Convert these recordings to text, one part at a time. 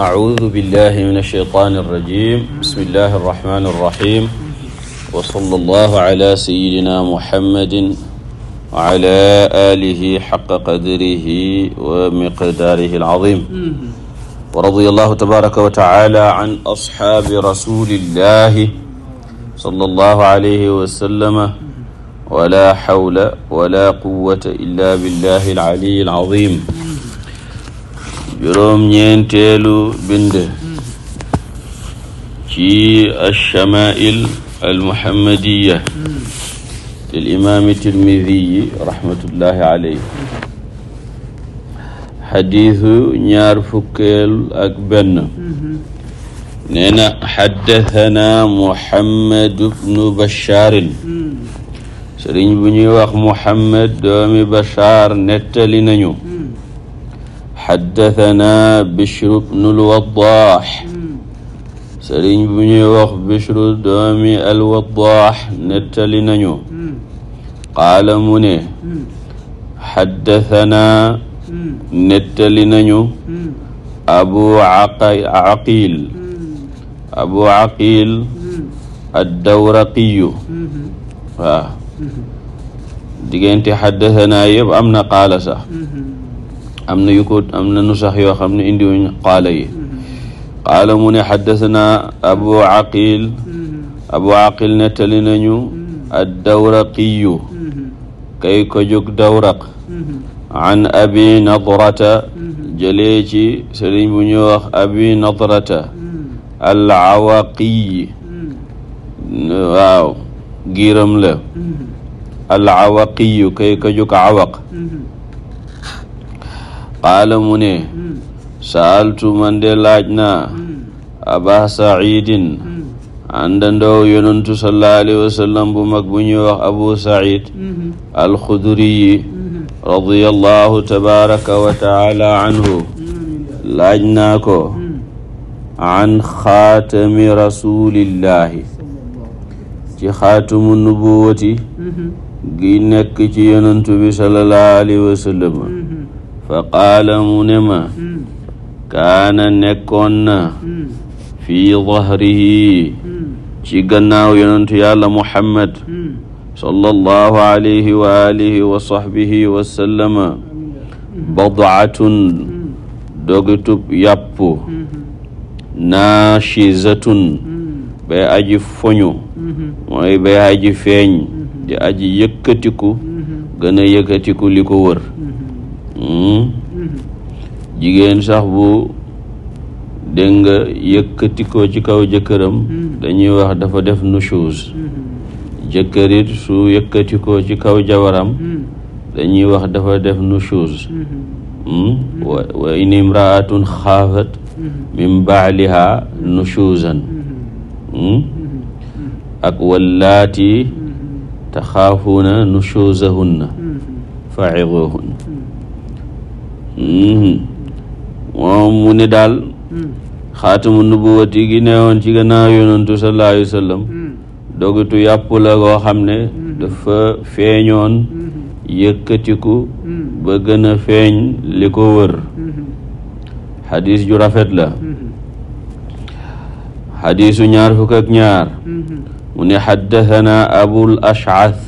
أعوذ بالله من الشيطان الرجيم بسم الله الرحمن الرحيم وصلى الله على سيدنا محمد وعلى آله حق قدره ومقداره العظيم ورضي الله تبارك وتعالى عن أصحاب رسول الله صلى الله عليه وسلم ولا حول ولا قوة إلا بالله العلي العظيم juróom-ñeenteelu bind ci alchama'il almuhammadiya lil imaami tirmidiyi rahmatullahi alayhi xadiisu ñaar fukkeel ak benn nee na xaddathana muhammadu bnu bashaarin sëriñ bu ñuy wax muhammad doomi bashaar nettali nañu xaddatanaa Bishru bnu lwaddaax sëriñ bu ñuy wax Bishru doomi alwaddaax nettali nañu qaala mu ne xaddatanaa nettali nañu abu aqil abu aqil addawraqiyu waaw diggante xaddatanaa yëpp am na qaala sax am na yu ko am na nusax yoo xam ne indi wuñ qaala yi qaala mu ne xaddasanaa abu aqil abu aqil nettali nañu addawraqiyu kay ko jóg dawraq an abi nadrata jëlee ci sëriñ bu ñuy wax abi nadrata al awaqiyi waaw giiram la al awaqiyu kay ko jóg awaq qaala mu ne saaltu man de laaj naa aba saidin àndandoo yonantu sallallahu alayhi wa sallam bu mag bu ñuy wax abu said alxuduriyi radiyallahu tabaraka wa taala anhu laaj naa ko an xaatami rasulillahi ci xaatumu nubuwati gi nekk ci yonantu bi sallallahu alayhi wa sallam fa mu ne hmm. kaana nekkoon na hmm. fi dahrihi hmm. ci gannaaw yonentu yàlla muhammad sallallahu alayhi wa alihi wa sahbihi wa sallama bad'atun dogitub yàpp naashizatun bay aji foñu mooy bay aji feeñ di aji yëkkatiku gën a yëkkatiku Hmm? jigéen sax bu dégg nga yëkkati ci kaw jëkkëram hmm. dañuy wax dafa def nushuz hmm. jëkkërit su yëkkati ci kaw jabaram dañuy wax dafa def nu nushuz wa in imraatun xaafat min baaliha nushuzan ak wallaati taxaafuuna nushuzahunna fa'izuhunna moom mu ne daal hmm. xaatamu nubuwati gi neewoon ci gannaaw yonantu sallallahu alayhi wa hmm. yàpp la goo xam ne hmm. dafa feeñoon yëkkatiku ba gën a feeñ li ko wër xadis ju rafet la xadisu ñaar fukk ak ñaar mu ne xaddathana abul ash'ath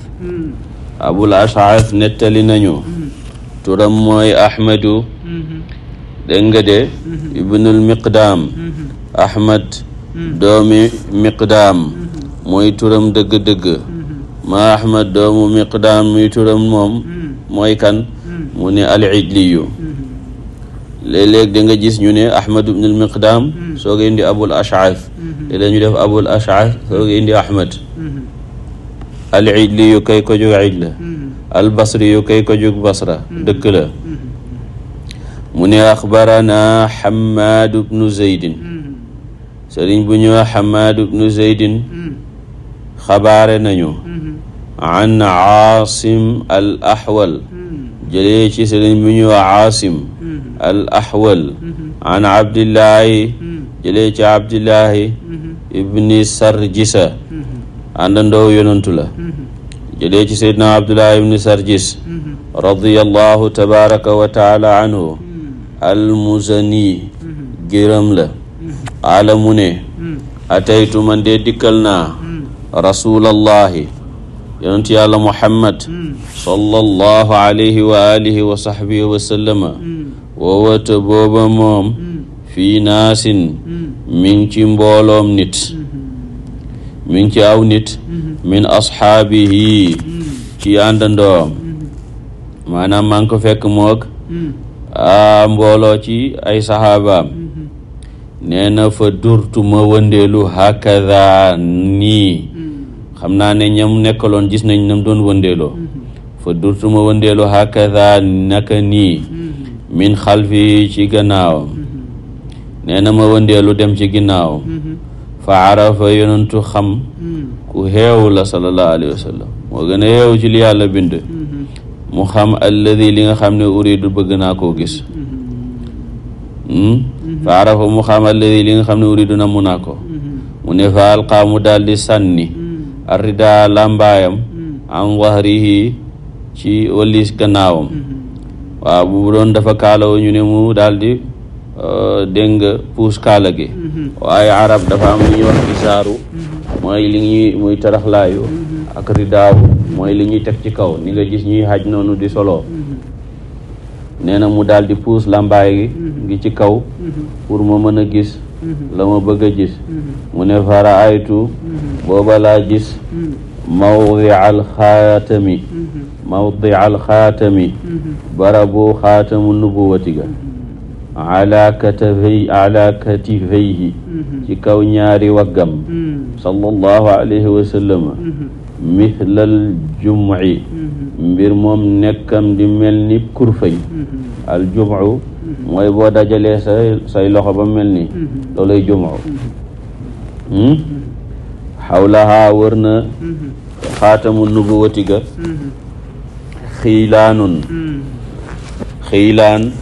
abul nettali nañu turam mooy ahmadu mm-hmm. dégg nga de mm-hmm. ibnul miqdaam mm-hmm. ahmad doomi miqdaam mooy turam dëgg-dëgg ma ahmad doomu miqdaam muy turam moom mooy kan mu ne al ijliyu léeg-léeg da gis ñu ne ahmad ibnul miqdaam soo ko indi abul ash'ath léeg-léeg def abul ash'ath soo ko indi ahmad al ijliyu kay ko jóg ij albasri yu kay ko jug basra mm-hmm. dëkk la mm-hmm. mu ne axbarana xamaad bnu zeydin mm-hmm. sëriñ bu ñuy wax xamaad bnu zeydin xabaare nañu an aasim al axwal jëlee ci sëriñ bu ñuy wax aasim al axwal an abdillahi jëlee ci abdillahi ibni sarjisa àndandoo yonantu la jëlee ci seydna abdullah ibni sarjis mm-hmm. radiallahu tabaraka wa taala anhu mm-hmm. almuzani mm-hmm. gërëm la qaala mu ne ataytu man dee dikkal naa rasulallahi yonent yàlla muhammad sallallahu alayhi wa alihi wa sahbihi wa sallama woowata booba moom fii naasin mi ngi ci mbooloom nit mi ngi ci aw nit mm-hmm. min ashaabihi mm-hmm. ci àndandoom mm-hmm. maanaam maa ngi ko fekk mook a mbooloo ci ay saxaabaam nee na fa durtu ma wëndeelu hakada nii xam naa ne ñam nekkaloon gis nañ nam doon wëndeeloo fa durtu ma wëndeelu hakada naka nii min xalfi ci gannaaw nee ma wëndeelu dem ci ginnaawam fa arafa yonentu xam hmm. ku xeew la sallallahu alayhi wa sallam moo gën a xeew ci li yàlla bind hmm. mu xam alladi li nga xam ne uridu bëgg naa koo gis hmm. fa arafa mu xam alladi li nga xam ne uridu namu naa ko mu ne fa alqaa mu daal di sànni arridaa làmbaayam am wahrihi ci walis gannaawam waaw bu doon dafa kaalawo ñu ne mu daal di Euh, dégg nga puus kaala gi mm-hmm. waaye arab dafa am li ñuy wax isaaru mm-hmm. mooy li ñuy muy mm-hmm. teg ci kaw ni nga gis ñuy xaj noonu di solo nee na mu daldi di puus làmbaay gi ci kaw pour ma mën a gis la ma bëgg a gis mu ne faraaytu booba laa gis mawdia alxaatami mawdia alxaatami barabu xaatamu nubuwati ga ala katifay ala katifayhi mm-hmm. ci kaw ñaari waggam mm-hmm. sallallahu alayhi wa sallam mm-hmm. mihlal jumci mbir moom nekkam di mel ni kurfay al jumcu mooy boo dajalee say say loxo ba mel ni loolay jumcu xawlaha hmm? wër na xaatamu nubuwati ga xiilaanun xiilaan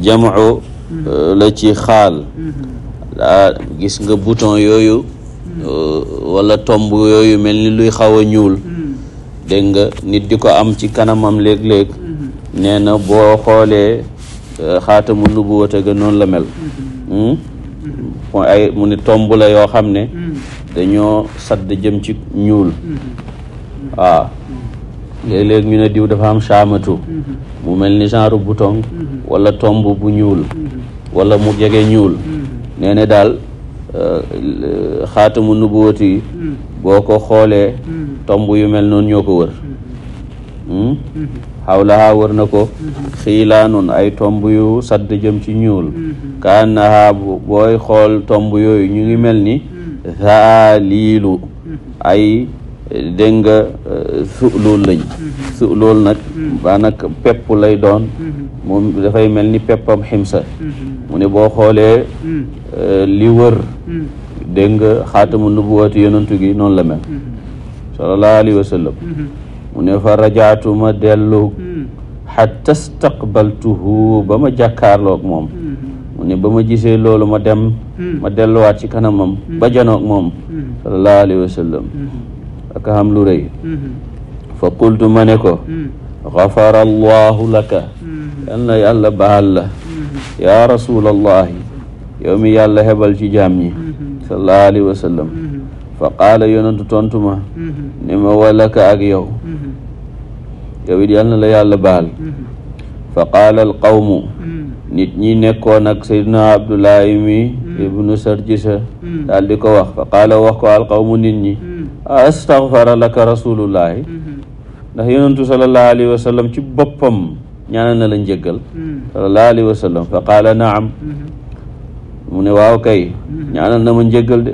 jamu mm-hmm. euh, la ci xaal mm-hmm. gis nga bouton yooyu mm-hmm. euh, wala tomb yooyu mel ni luy xaw a ñuul dégg nga nit di ko am ci kanamam léeg-léeg nee boo xoolee euh, xaatamu nubuwata ga noonu la mel hmm? ay mu ne tomb la yoo xam ne dañoo sadd jëm ci ñuul waaw léeg-léeg ñu ne diw dafa am chaamatu mm-hmm. mu mel ni genre bouton mm-hmm. walla tomb bu ñuul mm-hmm. walla mu jege ñuul nee ne daal euh, xaatamu nubuwat yi boo ko xoolee tomb yu mel noonu ñoo ko wër xawlaha hmm? wër na ko xiilaanun ay tomb yu sadd jëm ci ñuul kaannaha booy xool tomb yooyu ñu ngi mel ni zaaliilu ay dégg nga su loolu lañ su loolu nag ba nag pepp lay doon moom dafay mel ni peppam ximsa mu ne boo xoolee euh, li wër dégg nga xaatamu nubuwati yonantu gi noonu la mel sallallahu alayhi wa sallam mu ne fa rajaatu ma dellu xatta staqbaltuhu ba ma jàkkaarloog moom mu ne ba ma gisee loolu ma dem ma delluwaat ci kanamam ba janoog moom sallallahu alayhi wa ak xam lu rëy mm-hmm. fa qultu ma ne ko xafara mm-hmm. allahu laka mm-hmm. yal na yàlla baal la yaa rasulallahi yow mi yàlla hebal ci jaam ñi sallallahu alayhi wa sallam fa ak yow yow it yal na la baal fa qaala al qawmu nit ñi nekkoon ak saydna abdullahi mi ibnu sarjisa daal di ko wax fa qaala ko al qawmu nit ñi astaghfara laka rasulullahi mm-hmm. ndax yonentu salallahu alayhi wa sallam ci boppam ñaanal na la njëggal mm-hmm. salallahu alayhi wa sallam fa qaala naam mm-hmm. mu ne waaw kay ñaanal na ma njëggal de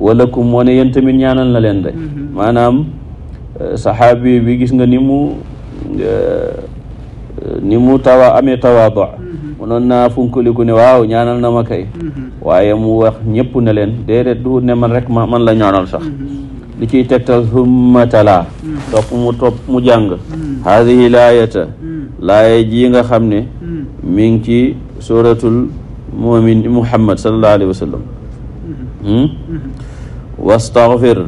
walakum moo ne tamit ñaanal na leen de maanaam eh, saxaabi bi gis nga ni mu eh, ni mu tawa amee tawaado munoon naa funkaliku ne waaw ñaanal na ma kay waaye mu wax ñëpp ne leen déedéet du ne man rek ma man la ñaanal sax li ciy tegtal humma tala hmm. topp mu topp mu jàng hmm. haadihi laayata hmm. laaya ji nga xam ne mi ngi ci suratul mumin muhammad sallallahu alayhi wa sallam wastaghfir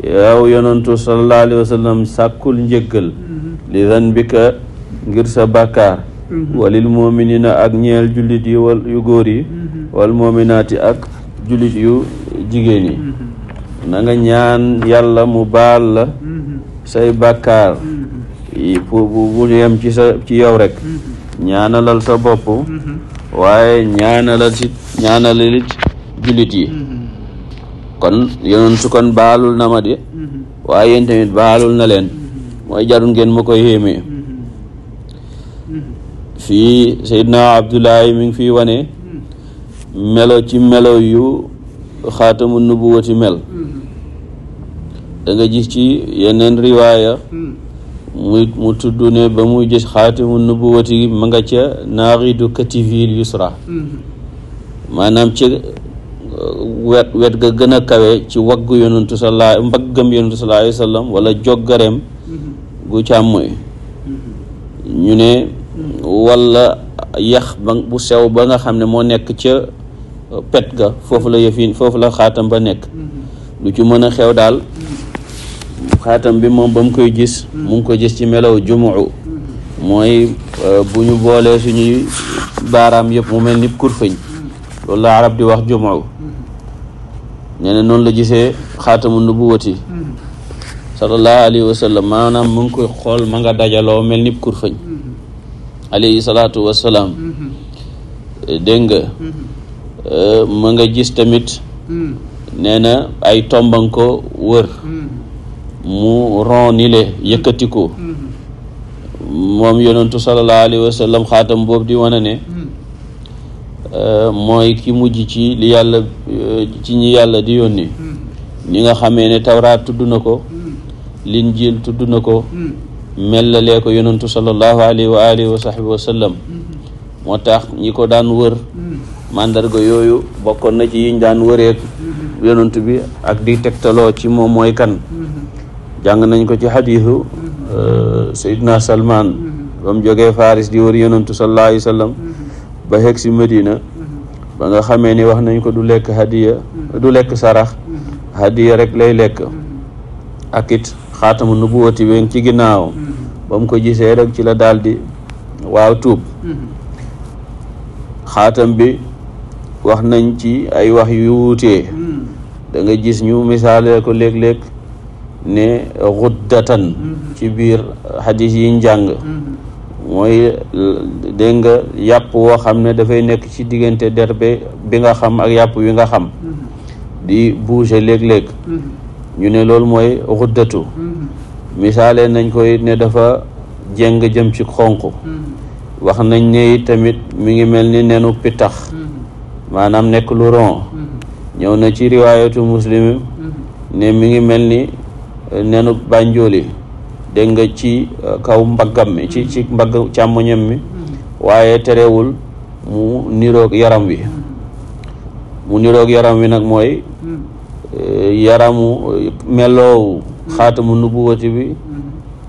yow yonantu sallallahu alayhi wa sallam sàkkul njëggal li zanbika ngir sa bàkkaar walil muminina ak ñeel jullit yi wal yu góor yi wal muminaati ak jullit yu jigéen yi na nga ñaan yàlla mu baal la say bàkkaar mm-hmm. bu bu yem ci sa ci yow rek mm-hmm. ñaanalal sa bopp mm-hmm. waaye ñaanalal si ñaanalalit kon yenoon su baalul na ma de waaye yéen baalul na leen mooy jarul ngeen ma ko yéemee fii Seydina Abdullahi mi ngi fii wane melo ci melo yu xaatamu ci mel danga nga gis ci yeneen riwaaya hmm. muy mu tudd ne ba muy gis xaatimu nubuwati ma nga ca naaxidu katifil yusra hmm. maanaam ci uh, wet wet ga gën a kawe ci wagg yonentu sallaa mbaggam yonentu sallallaahu alayhi wa wala joggareem hmm. gu càmmoy ñu ne wala yax bu sew ba nga xam ne moo nekk ca uh, pet ga foofu la yëfin foofu la xaatam ba nekk lu ci mën a xew daal xaatam bi moom ba mu koy gis mm. mu ngi ko gis ci melaw jumu'u mm-hmm. mooy euh, bu ñu boolee ñuy baaraam yëpp mu mel ni kurfañ mm-hmm. loolu la arab di wax jumu'u mm-hmm. nee na noonu la gisee xaatamu nubuwati sallallahu alayhi wa sallam maanaam mu ngi koy xool ma nga dajaloo mel ni kurfañ alayhi salaatu eh, dégg nga eh, ma nga gis tamit mm. nee na ay ko wër mm. mu ronile yëkkati ko moom yonentu sallallahu alayhi wa xaatam boobu di wane ne euh, mooy ki mujj ci li yàlla euh, ci ñi yàlla di yónni ñi nga xamee ne tawraat tudd na ko linjiil tudd na ko mellalee ko yonentu sallallahu alayhi wa alihi wa moo tax ñi ko daan wër màndarga yooyu bokkoon na ci yiñ daan wëreek yonent bi ak di tegtaloo ci moom mooy kan jàng nañ ko ci xadiisu euh, Seydina Salman ba mu jógee Faris di wër yonantu sallallahu alayhi ba xeg si Medina ba nga xamee ni wax nañ ko du lekk hadiya du lekk sarax hadiya rek lay lekk ak it xaatamu nubuwati ween ci ginnaaw ba ko gisee rek ci la daal di waaw tuub xaatam bi wax nañ ci ay wax yu wuutee da nga gis ñu misaale ko léeg-léeg ne xuddatan ci biir xadis yi njàng mooy dégg nga yàpp woo xam ne dafay nekk ci diggante derbe bi nga xam ak yàpp wi nga xam di bouger léeg-léeg ñu ne loolu mooy xuddatu misaale nañ koy ne dafa jéng jëm ci xonq wax nañ ne tamit mu ngi mel ni nenu pitax maanaam nekk lu ron ñëw na ci riwaayatu muslim ne mi ngi mel ni nenu bànjooli dégg nga ci uh, kaw mbaggam mi ci mbagg càmmoñam mi mm-hmm. waaye terewul mu niroog yaram wi mu niroog yaram wi nag mooy mm-hmm. uh, yaramu uh, meloowu mm-hmm. xaatamu nubuwati bi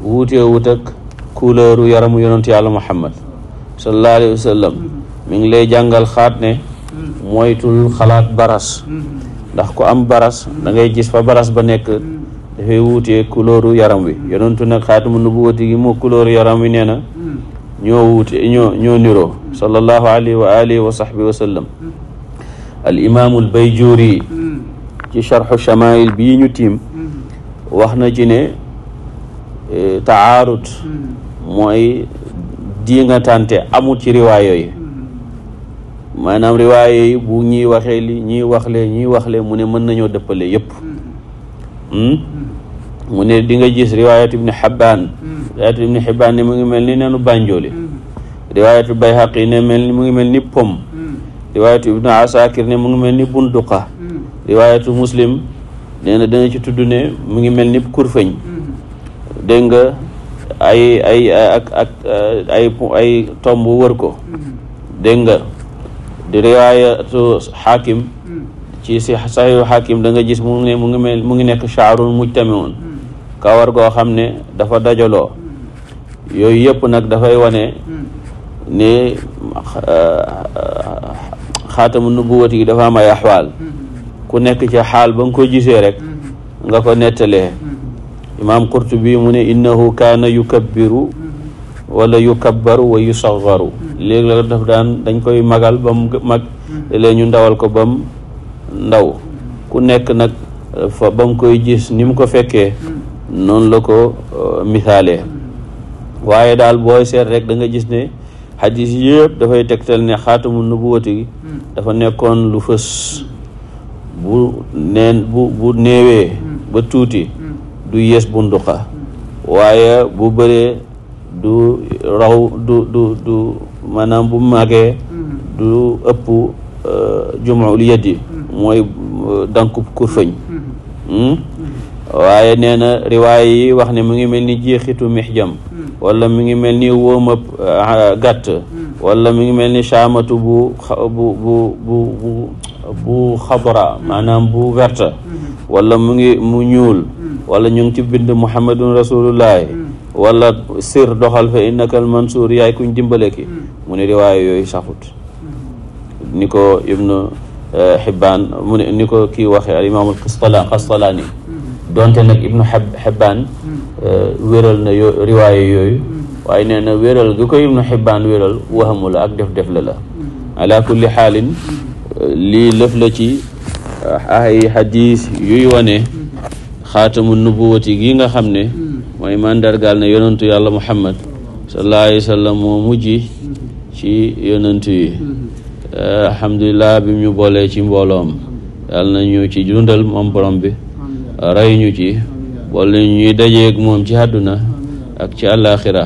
wuutee wut ak couleuru yaramu yonent yàlla muhammad sallallahu alayhi wa sallam ngi lay jàngal xaat ne moytul xalaat baras ndax ku am baras da gis fa baras ba nekk dafay wuutee couleur yaram wi yonentu nag xaatimu nubuwati gi moo couleur yaram wi nee na ñoo wuute ñoo ñoo niroo sallallahu alayhi wa alihi wa sahbihi al imaamu al bayjuri ci charxu chamail bii ñu tiim wax na ci ne e, taarut mooy di tante amul ci riwaay yooyu maanaam riwaay yooyu bu ñuy waxee li ñuy waxlee ñuy waxlee mu ne mën nañoo dëppale yépp hmm? mu ne di nga gis riwaayat ibni xabbaan mm. riwaayat ibni xabbaan mu ngi mel ni nenu bànjooli mm. riwaayatu bayhaqi ne mel ni mu ngi mel ni pom mm. riwaayatu ibnu asakir mu ngi mel ni bunduqa riwaayatu muslim nee na dana mu ngi mel ni kurfeñ dégg nga ay ay ak ak ay wër ko dégg nga di riwaayatu xaakim ci si saxiixu danga da gis mu ngi mu ngi mel mu ngi nekk chaarun mujtamiun kawar goo xam ne dafa dajaloo yooyu yëpp nag dafay wane ne eh, xaatamu nubuwat yi dafa am ay ku nekk ci xaal ba nga ko gisee rek nga ko nettalee imaam qurtubi mu ne innahu kaana yu yukabbiru wala yu wa yusaxaru léegi la daf daan dañ koy magal ba mu mag léeg ñu ndawal ko ba mu ndaw ku nekk nag eh, fa ba mu koy gis ni mu ko fekkee noonu la ko euh, misaalee waaye daal booy seet rek danga gis ne xadis yëpp dafay tegtal ne xaatamu nubuwati dafa nekkoon lu fës bu neen bu bu ba tuuti du yées bunduqa waaye bu bëree du raw du du du maanaam bu màggee du ëpp euh, jumuul yadi mooy euh, dankub kurfëñ hmm? waaye nee na riwaay yi wax ne mu ngi mel ni jeexitu mixjam hmm. wala mu ngi mel ni wóomab ah, gàtt hmm. walla mu ngi mel ni caamatu bu bu bu xadra hmm. maanaam bu verte walla mu ngi mu ñuul wala ñu ngi ci bind muhammadun rasulullahi wala sir doxal fa innaka al mansuur yaay kuñ dimbale ki mu ne riwaay yooyu saxut ni ko ibnu xibbaan eh, ni ko kii waxee al imaamul donte nag ibnu xibbaan hmm. euh, riwaaya yooyu hmm. waaye nee na wéral gi ko ibnu la ak def def la hmm. ala kulli xaalin euh, lii lëf la ci euh, ay xadiis yuy wane xaatamu nubuwati gi nga xam ne mooy màndargaal na yonantu yàlla muhammad sallallahu alayhi wa sallam moo ci yonantu yi alhamdulilah bi ñu boolee ci mbooloom yàlla na ñu ci jundal moom borom bi rey ñu ci wala ñuy dajeeg moom ci àdduna ak ci àllaaxira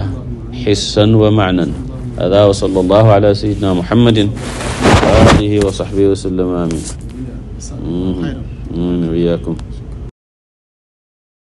xissan wa maanan hada wa sallallahu ala sayyidina muhammadin wa alihi wa sahbihi wa sallam amin amin wa iyaakum